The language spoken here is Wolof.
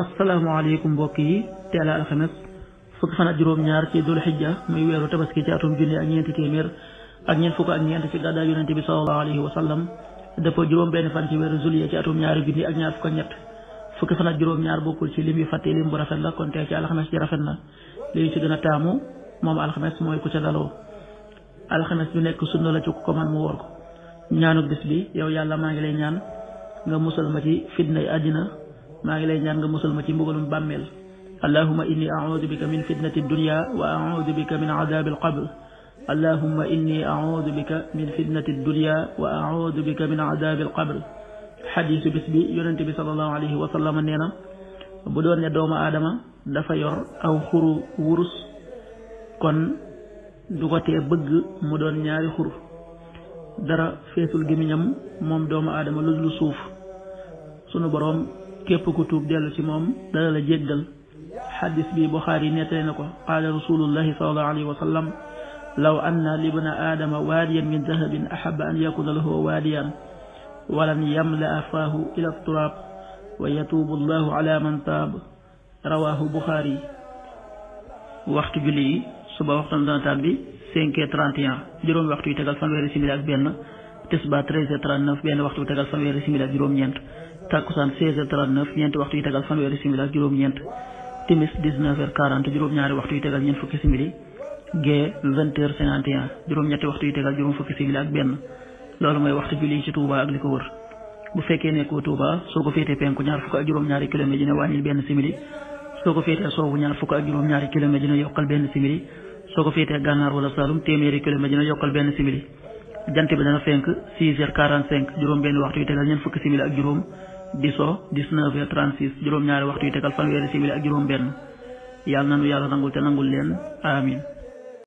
asalaamaaleykum mbokk yi teel a alxames fukki fan ak juróom-ñaar ci dul xijja muy weeru tabaski ci atum junni ak ñeenti téeméer ak ñeent fukk ak ñeent ci gàddaa yonente bi sallallahu alayhi wa sallam dafa juróom benn fan ci weeru juillet ci atum ñaari junni ak ñaar fukk ñett fukki fan juróom-ñaar bokkul ci lim yu fàtte lim bu rafet la kon tey ci alxames ji rafet na li ñu ci gën a taamu moom alxames mooy ku ca daloo alxames bi nekk sunna la ci ku mu woor ko bi yow yàlla maa ngi lay ñaan nga musal ma ci fitnay àddina maa ngi lay ñaan nga musal ma ci mbugalum bàmmeel allahuma inni audu bika min fitnati dunya wa audu bika min adabi alqabr allahuma inni audu bika min fitnati dunya wa audu bika min adabi alqabr xadiisu bis bi yonente bi salallahu alayhi wa sallam nee na bu doon ne doomu aadama dafa yor aw xuru wurus kon du ko tee bëgg mu doon ñaari xur dara feesul gémmiñam moom doomu aadama lu dul suuf sunu boroom képp ku tuub dellu ci moom dana la jéggal xadis bi Buxaari nettali na ko qaala rasulullahi sallallahu alayhi wa sallam law anna libna aadama waadiyan min dahabin ahaba an yakuna lahu waadiyan walan yamla faahu ila turaab wa yatuubu allahu ala man taab rawaahu Buxaari waxtu julli yi suba waxtaan dana tàbbi cinq heures trente et un juróomi waxtu yi tegal fanweeri simili ak benn tisba treize heures trente neuf benn waxtu tegal fanweeri simili ak juróom-ñeent takkusaan 16h39 ñeenti waxtu yi tegal fanweeri simili ak juróom-ñeent timis 19h40 juróom-ñaari waxtu yi tegal ñeent fukki simili gee 20h51 juróom-ñetti waxtu yi tegal juróom loolu mooy waxtu julli ci Touba ak ko wër bu fekkee nekkoo Touba soo ko féetee penku ñaar fukk ak juróom-ñaari kilomètre dina wàññil benn simili soo ñaar fukk ak juróom-ñaari kilomètre dina yokkal benn simili soo ko benn simili jant bi dana fenk 6h45 juróom benn waxtu yi tegal ñeent fukki simili ak juróom diso 19 heures 36 juróom-ñaari waxtu yi tegal fanweeri simili ak juróom benn yàlla nanu yàlla nangul te nangul leen amin